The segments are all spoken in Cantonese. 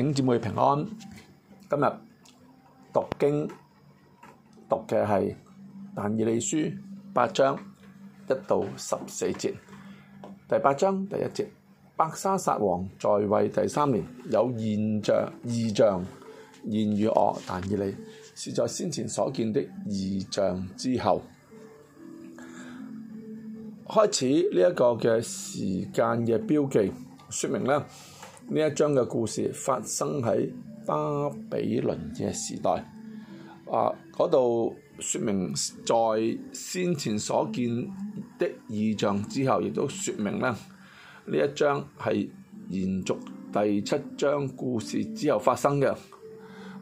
頂姐妹平安，今日讀經讀嘅係《但以理書》八章一到十四節，第八章第一節，伯沙撒王在位第三年，有現象異象現與我但以理，是在先前所見的異象之後。開始呢一個嘅時間嘅標記，説明呢。呢一章嘅故事發生喺巴比倫嘅時代，啊，嗰度説明在先前所見的異象之後，亦都説明啦，呢一章係延續第七章故事之後發生嘅，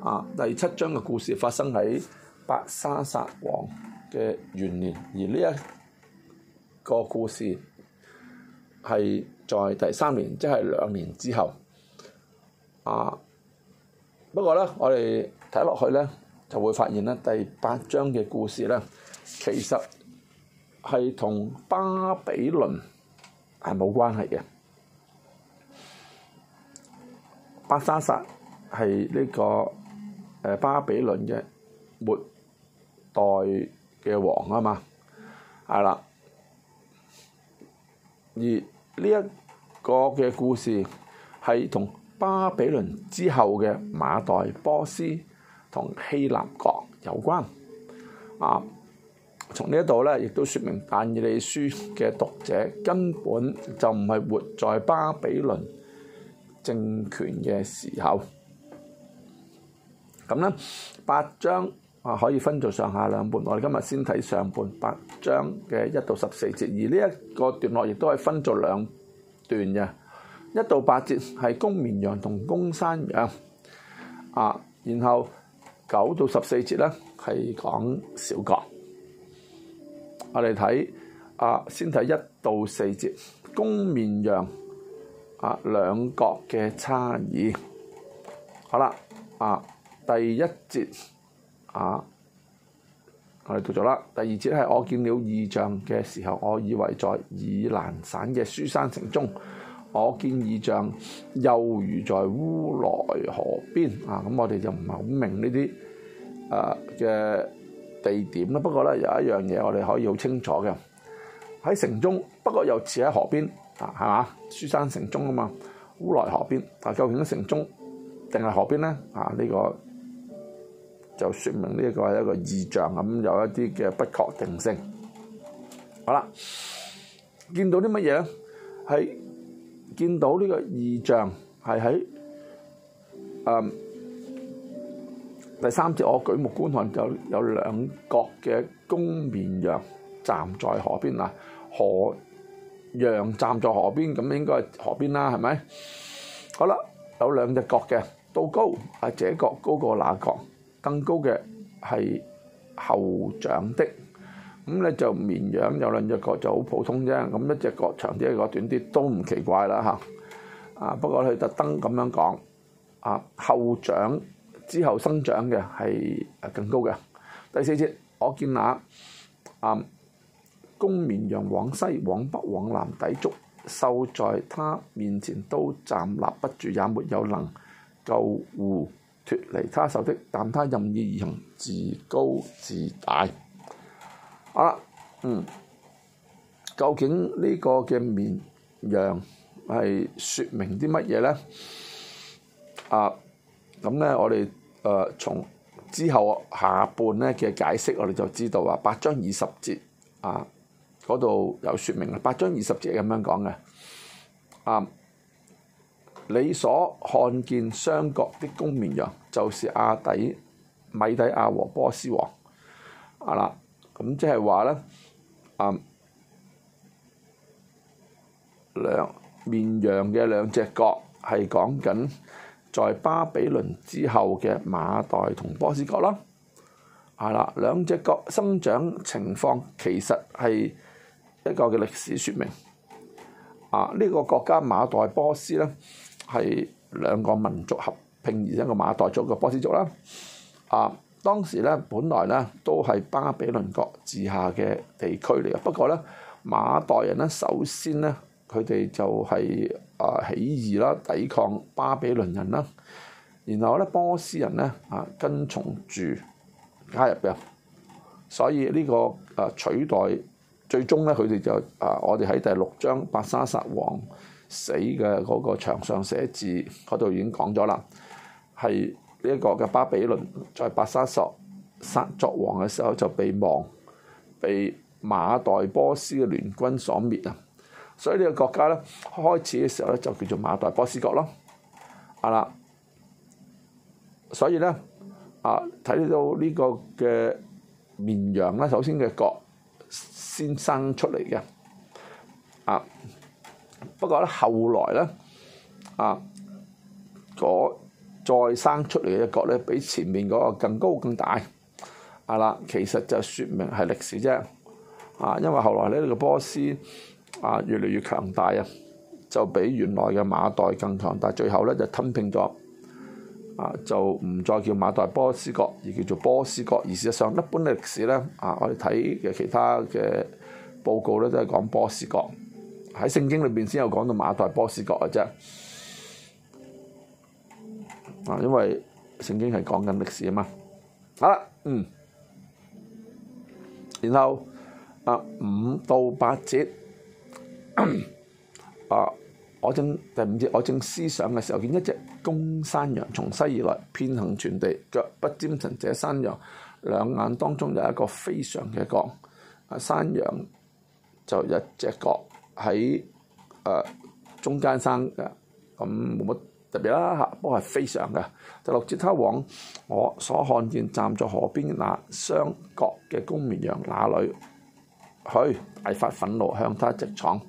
啊，第七章嘅故事發生喺伯沙撒王嘅元年，而呢一個故事係。在第三年，即係兩年之後，啊！不過咧，我哋睇落去咧，就會發現咧，第八章嘅故事咧，其實係同巴比倫係冇關係嘅。巴沙撒係呢個誒巴比倫嘅末代嘅王啊嘛，係啦，而呢一個嘅故事係同巴比倫之後嘅馬代波斯同希臘國有關，啊！從呢一度咧，亦都說明但以理書嘅讀者根本就唔係活在巴比倫政權嘅時候。咁咧，八章。啊，可以分做上下兩半。我哋今日先睇上半八章嘅一到十四節，而呢一個段落亦都係分做兩段嘅，一到八節係公綿羊同公山羊，啊，然後九到十四節咧係講小角。我哋睇啊，先睇一到四節，公綿羊啊兩角嘅差異，好啦，啊，第一節。啊！我哋讀咗啦。第二節係我見了異象嘅時候，我以為在以蘭省嘅書山城中，我見異象，猶如在烏來河邊。啊！咁我哋就唔係好明呢啲誒嘅地點啦。不過咧有一樣嘢我哋可以好清楚嘅，喺城中，不過又似喺河邊啊，係嘛？書山城中啊嘛，烏來河邊。但究竟城中定係河邊咧？啊，呢、這個。就說明呢個係一個異象，咁有一啲嘅不確定性。好啦，見到啲乜嘢咧？係見到呢個異象係喺誒第三節，我舉目觀看，就有有兩角嘅公綿羊站在河邊嗱，河羊站在河邊咁，應該係河邊啦，係咪？好啦，有兩隻角嘅都高，係這角高過那角。更高嘅係後長的，咁咧就綿羊有兩隻角就好普通啫，咁一隻角長啲，一隻角短啲都唔奇怪啦嚇。啊，不過佢特登咁樣講，啊後長之後生長嘅係更高嘅。第四節，我見那啊公綿羊往西往北往南牴觸，獸在他面前都站立不住，也沒有能救護脫離他手的，但他任意而行，自高自大。好啦，嗯，究竟個綿呢個嘅綿羊係説明啲乜嘢咧？啊，咁咧我哋誒從之後下半咧嘅解釋，我哋就知道啊，八章二十節啊嗰度有説明，八章二十節係咁樣講嘅，啱、啊。你所看見雙角的公綿羊，就是阿底米底亞和波斯王啊啦。咁即係話咧，啊、就、兩、是嗯、綿羊嘅兩隻角係講緊在巴比倫之後嘅馬代同波斯國啦。係啦，兩隻角生長情況其實係一個嘅歷史説明。啊，呢、這個國家馬代波斯咧。係兩個民族合併而成一個馬代族嘅波斯族啦。啊，當時咧，本來咧都係巴比倫國治下嘅地區嚟嘅。不過咧，馬代人咧首先咧，佢哋就係、是、啊起義啦，抵抗巴比倫人啦。然後咧，波斯人咧啊跟從住加入嘅，所以呢、這個啊取代最終咧佢哋就啊我哋喺第六章伯沙撒王。死嘅嗰個牆上寫字，嗰度已經講咗啦，係呢一個嘅巴比倫在白沙索殺作王嘅時候就被亡，被馬代波斯嘅聯軍所滅啊！所以呢個國家咧開始嘅時候咧就叫做馬代波斯國咯，啊啦，所以咧啊睇到呢個嘅綿羊咧，首先嘅角先生出嚟嘅啊。不過咧，後來咧，啊，嗰再生出嚟嘅一角咧，比前面嗰個更高更大，啊啦，其實就説明係歷史啫，啊，因為後來咧，個波斯啊越嚟越強大啊，就比原來嘅馬代更強大，最後咧就吞併咗，啊，就唔再叫馬代波斯國，而叫做波斯國，而事實上一般歷史咧，啊，我哋睇嘅其他嘅報告咧，都係講波斯國。喺聖經裏邊先有講到馬代波斯國嘅啫，啊，因為聖經係講緊歷史啊嘛。好啦，嗯，然後啊五到八節，啊，我正第五節，我正思想嘅時候見一隻公山羊從西而來，遍行全地，腳不沾塵。這山羊兩眼當中有一個非常嘅角，啊，山羊就一隻角。喺誒、呃、中間生嘅，咁冇乜特別啦嚇，不過係非常嘅。就六節，他往我所看見站在河邊那雙角嘅公綿羊那裏去，大發憤怒向他直闖。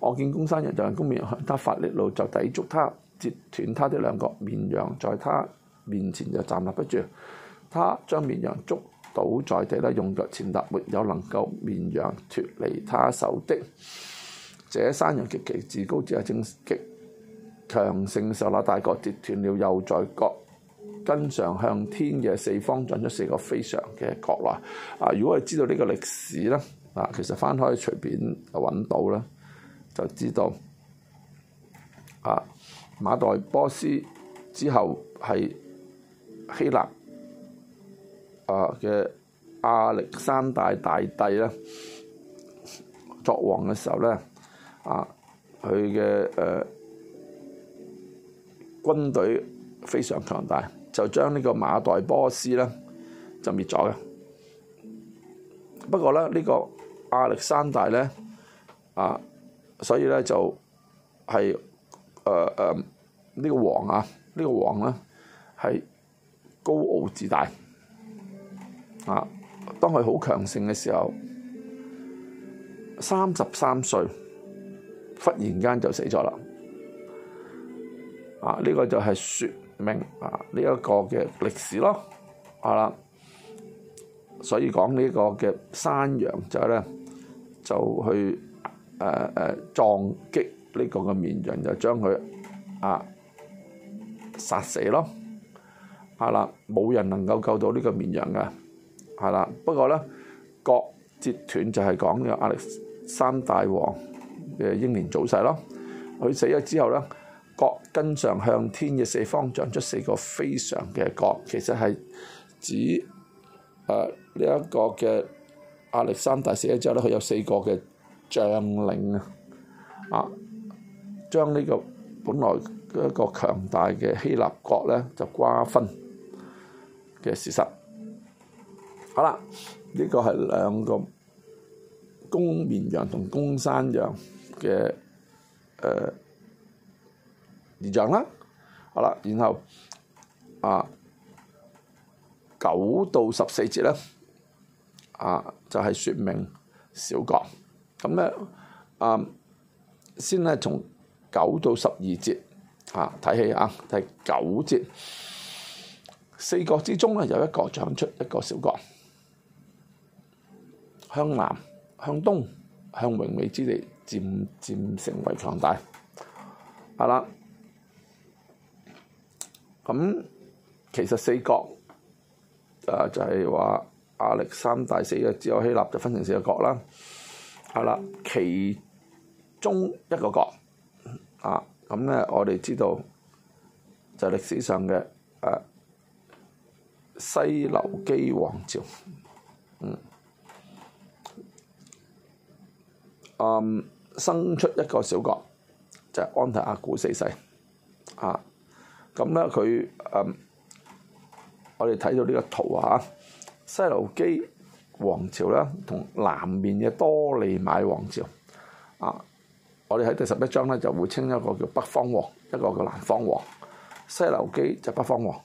我見公山羊就向公綿羊向他發力怒，就抵觸他截斷他的兩角，綿羊在他面前就站立不住，他將綿羊捉倒在地啦，用腳踐踏，沒有能夠綿羊脫離他手的。這三人極其自高自大，正極強盛受時大國跌斷了右國，又在角根上向天嘅四方準咗四個非常嘅國內。啊！如果係知道呢個歷史咧，啊，其實翻開隨便揾到咧，就知道啊，馬代波斯之後係希臘啊嘅亞歷山大大帝咧作王嘅時候咧。啊！佢嘅誒軍隊非常強大，就將呢個馬代波斯啦就滅咗嘅。不過咧，呢個亞歷山大咧啊，所以咧就係誒誒呢個王啊，呢個王啦係高傲自大啊。當佢好強盛嘅時候，三十三歲。忽然間就死咗啦！啊，呢、這個就係說明啊呢一、這個嘅歷史咯，係、啊、啦。所以講呢個嘅山羊仔咧就去誒誒、啊啊、撞擊呢個嘅綿羊，就將佢啊殺死咯，係、啊、啦，冇人能夠救到呢個綿羊嘅，係、啊、啦。不過咧，角折斷就係講、這個、亞歷山大王。嘅英年早逝咯，佢死咗之後咧，角根上向天嘅四方長出四個非常嘅角，其實係指誒呢一個嘅亞歷山大死咗之後咧，佢有四個嘅將領啊，啊將呢個本來一個強大嘅希臘國咧就瓜分嘅事實，好啦，呢個係兩個，公綿羊同公山羊嘅誒、呃、異象啦，好啦，然後啊九到十四節咧啊，就係、是、説明小角咁咧、嗯、啊，先咧從九到十二節啊睇起啊，第九節四角之中咧有一角長出一個小角向南，向東，向榮美之地，漸漸成為強大，係啦。咁其實四國，誒、啊、就係、是、話亞歷山大死嘅，自由、希臘就分成四個國啦，係啦，其中一個國，啊，咁咧我哋知道就係歷史上嘅誒、啊、西流基王朝。嗯，生出一個小國，就係安提阿古四世啊。咁咧，佢嗯，我哋睇到呢個圖啊，西流基王朝啦，同南面嘅多利買王朝啊。我哋喺第十一章咧，就會稱一個叫北方王，一個叫南方王。西流基就北方王，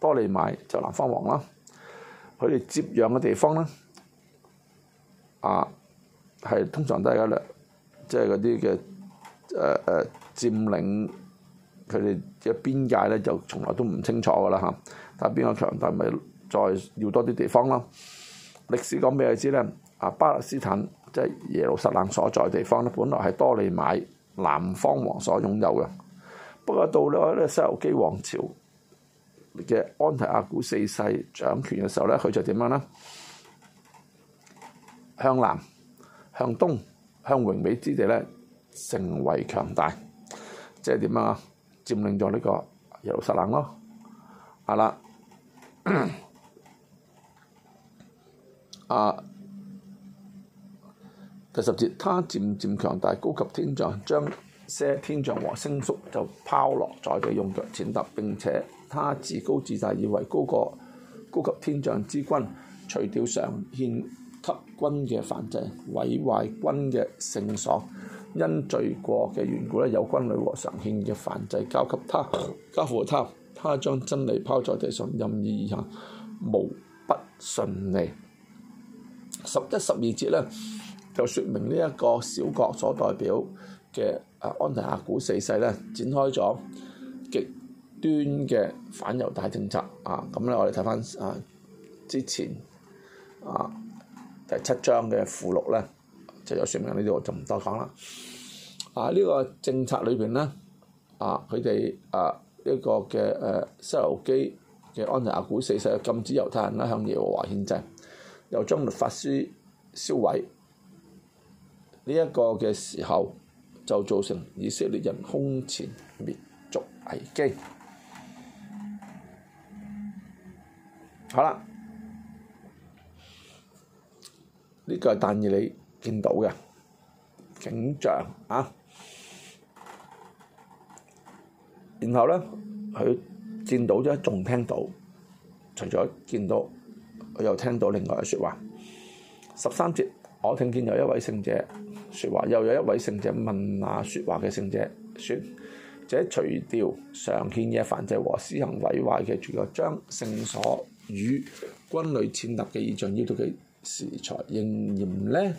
多利買就南方王啦。佢哋接壤嘅地方咧，啊。係通常都係咧，即係嗰啲嘅誒誒佔領佢哋嘅邊界咧，就從來都唔清楚噶啦嚇。但係邊個強大咪再要多啲地方咯？歷史講俾你知咧，啊，巴勒斯坦即係耶路撒冷所在地方咧，本來係多利買南方王所擁有嘅。不過到呢咧，西歐基王朝嘅安提阿古四世掌權嘅時候咧，佢就點樣咧？向南。向東向榮美之地咧，成為強大，即係點啊？佔領咗呢個耶路撒冷咯，係、啊、啦。啊，第十節，他漸漸強大，高及天象，將些天象和星宿就拋落在地，用腳踐踏，並且他自高自大，以為高過高及天象之君，除掉上獻。德軍嘅犯罪毀壞軍嘅聖所，因罪過嘅緣故咧，有軍旅和常獻嘅犯罪交給他，交付他，他將真理拋在地上任意而行，無不順利。十一十二節咧，就説明呢一個小國所代表嘅啊安提阿古四世咧，展開咗極端嘅反猶大政策啊。咁咧我哋睇翻啊之前啊。第七章嘅附錄咧就有説明呢度，這個、我就唔多講啦。啊，呢、這個政策裏邊咧，啊，佢哋啊呢、這個嘅誒、啊，西流基嘅安提阿古四世禁止猶太人咧向耶和華獻祭，又將律法書燒毀。呢、這、一個嘅時候就造成以色列人空前滅族危機。好啦。呢、這個係但以理見到嘅景象啊！然後咧，佢見到咗，仲聽到，除咗見到，佢又聽到另外嘅説話。十三節，我聽見有一位聖者説話，又有一位聖者問那説話嘅聖者：，説這除掉常獻嘅燔祭和施行毀壞嘅，將聖所與軍旅踐踏嘅異象，要到佢。時才仍然呢，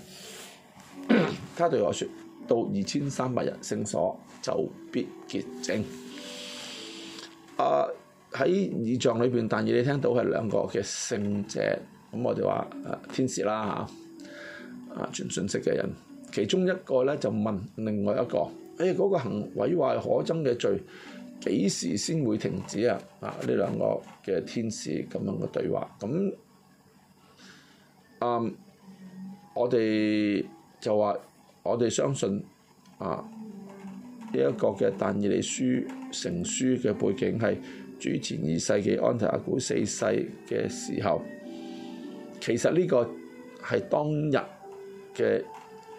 他對我説：到二千三百日聖所就必潔淨。啊，喺異象裏邊，但係你聽到係兩個嘅聖者。咁我哋話、啊、天使啦嚇，啊傳信息嘅人，其中一個咧就問另外一個：，誒、哎、嗰、那個行毀壞可憎嘅罪幾時先會停止啊？啊呢兩個嘅天使咁樣嘅對話，咁。Um, 啊！我哋就話我哋相信啊，呢一個嘅但以理書成書嘅背景係主前二世紀安提阿古四世嘅時候。其實呢個係當日嘅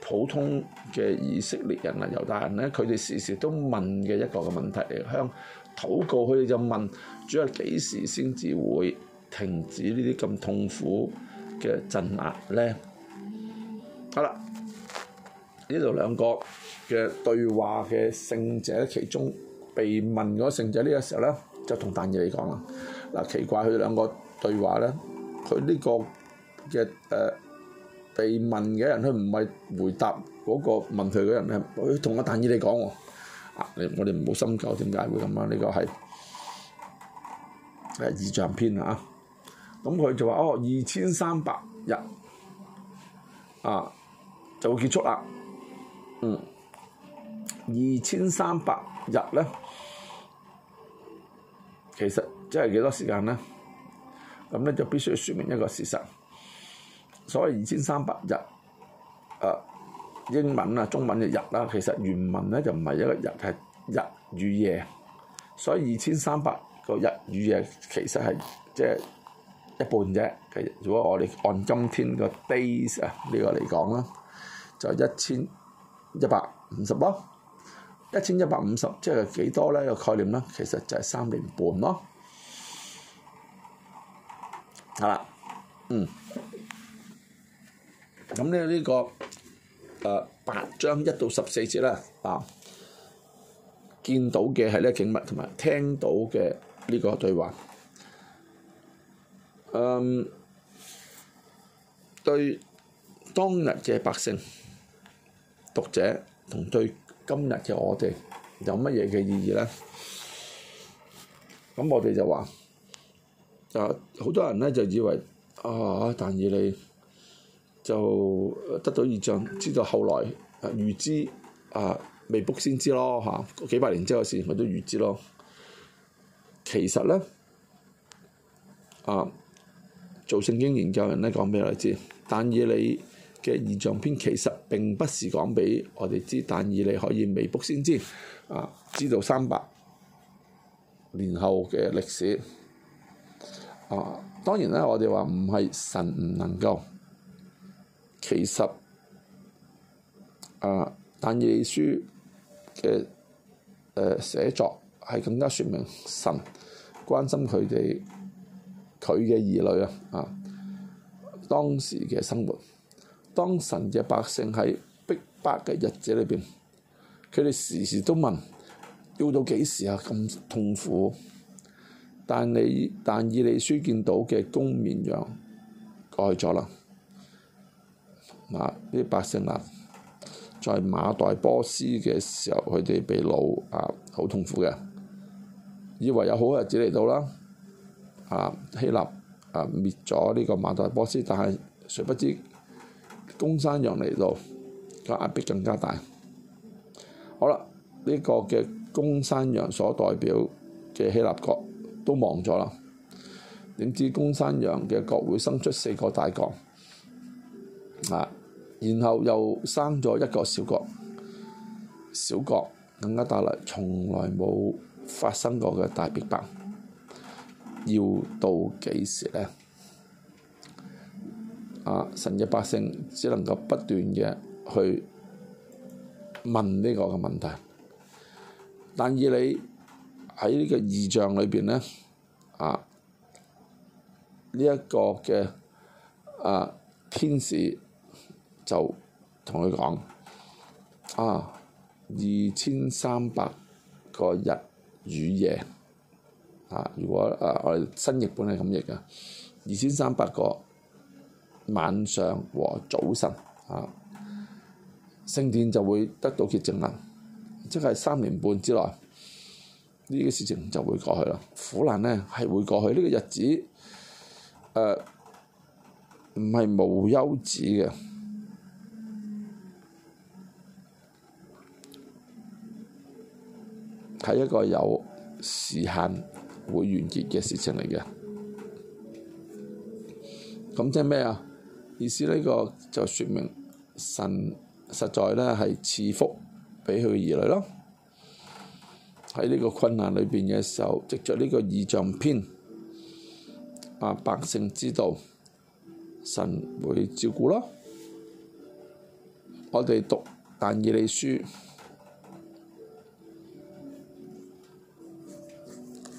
普通嘅以色列人啊、猶大人咧，佢哋時時都問嘅一個嘅問題嚟，向禱告佢哋就問主要幾時先至會停止呢啲咁痛苦嘅鎮壓咧，好啦，呢度兩個嘅對話嘅聖者，其中被問嗰聖者呢個時候咧，就同但以理嚟講啦。嗱，奇怪佢哋兩個對話咧，佢呢個嘅誒被問嘅人，佢唔係回答嗰個問佢嘅人咧，佢同阿但以理嚟講喎。啊，我哋唔好深究點解會咁啦，呢個係誒異象篇啊。咁佢就話：哦，二千三百日啊，就會結束啦。嗯，二千三百日咧，其實即係幾多時間咧？咁咧就必須要說明一個事實。所謂二千三百日，誒、啊、英文啊、中文嘅日啦，其實原文咧就唔係一個日，係日與夜，所以二千三百個日與夜其實係即係。即係一半啫，其實如果我哋按今天個 days 啊呢個嚟講啦，就一千一百五十咯，一千一百五十，即係幾多咧個概念咧？其實就係三年半咯，好啦，嗯。咁咧呢個誒八章一到十四節咧啊，見到嘅係呢個景物同埋聽到嘅呢個對話。誒、um, 對當日嘅百姓讀者同對今日嘅我哋有乜嘢嘅意義咧？咁我哋就話啊，好多人咧就以為啊，但以理就得到異象，知道後來預知啊，未卜先知咯嚇、啊，幾百年之後嘅事佢都預知咯。其實咧啊～做聖經研究人呢，講畀我哋知，但以理嘅異象篇其實並不是講畀我哋知，但以理可以未卜先知啊，知道三百年後嘅歷史啊。當然咧，我哋話唔係神唔能夠，其實啊，但以理書嘅誒寫作係更加説明神關心佢哋。佢嘅兒女啊，啊，當時嘅生活，當神嘅百姓喺逼迫嘅日子裏邊，佢哋時時都問，要到幾時啊？咁痛苦，但你但以理書見到嘅公綿羊過去，愛咗啦，呢啲百姓啊，在馬代波斯嘅時候，佢哋被擄啊，好痛苦嘅，以為有好日子嚟到啦。啊，希臘啊滅咗呢個瑪代波斯，但係誰不知公山羊嚟到，個壓迫更加大。好啦，呢個嘅公山羊所代表嘅希臘國都亡咗啦。點知公山羊嘅國會生出四個大國，啊，然後又生咗一個小國，小國更加帶來從來冇發生過嘅大逼迫。要到幾時呢？啊！神嘅百姓只能夠不斷嘅去問呢個嘅問題，但以理喺呢個異象裏邊呢，啊呢一、這個嘅呢一個嘅啊天使就同佢講：啊，二千三百個日與夜。啊！如果誒、啊、我哋新譯本係咁譯嘅，二千三百個晚上和早晨，啊聖殿就會得到潔淨啦。即係三年半之內呢、呢個事情就會過去啦。苦難呢係會過去，呢、呢個日子誒唔係無休止嘅，係一個有時限。會完結嘅事情嚟嘅，咁即係咩啊？意思呢個就説明神實在咧係賜福畀佢兒女咯，喺呢個困難裏邊嘅時候，藉著呢個異象篇啊百姓知道，神會照顧咯。我哋讀但以理書。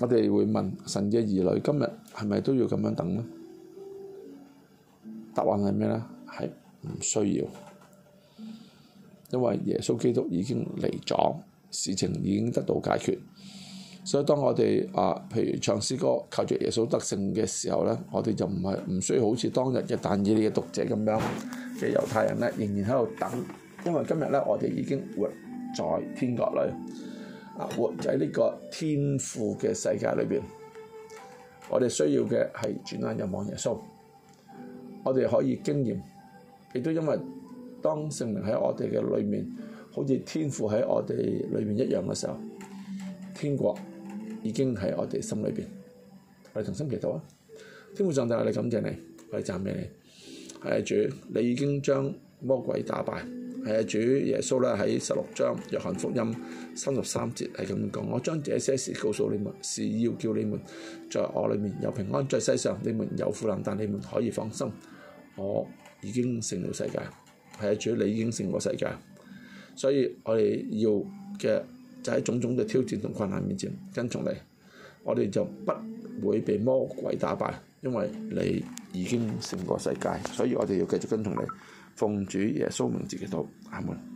我哋會問神嘅兒女：今日係咪都要咁樣等咧？答案係咩咧？係唔需要，因為耶穌基督已經嚟咗，事情已經得到解決。所以當我哋啊，譬如唱詩歌、靠住耶穌得勝嘅時候呢，我哋就唔係唔需要好似當日嘅但以理嘅讀者咁樣嘅猶太人呢，仍然喺度等，因為今日呢，我哋已經活在天國裏。啊！活喺呢個天父嘅世界裏面，我哋需要嘅係轉眼仰望耶穌。我哋可以經驗，亦都因為當聖靈喺我哋嘅裏面，好似天父喺我哋裏面一樣嘅時候，天國已經喺我哋心裏面。我哋同心祈禱啊！天父上帝，我哋感謝你，我哋讚美你。係主，你已經將魔鬼打敗。係啊，主耶穌咧喺十六章約翰福音三十三節係咁講：我將這些事告訴你們，是要叫你們在我裏面有平安，在世上你們有苦難，但你們可以放心，我已經勝了世界。係啊，主，你已經勝過世界，所以我哋要嘅就喺種種嘅挑戰同困難面前跟從你，我哋就不會被魔鬼打敗，因為你已經勝過世界，所以我哋要繼續跟從你。奉主耶穌名字嘅道，阿門。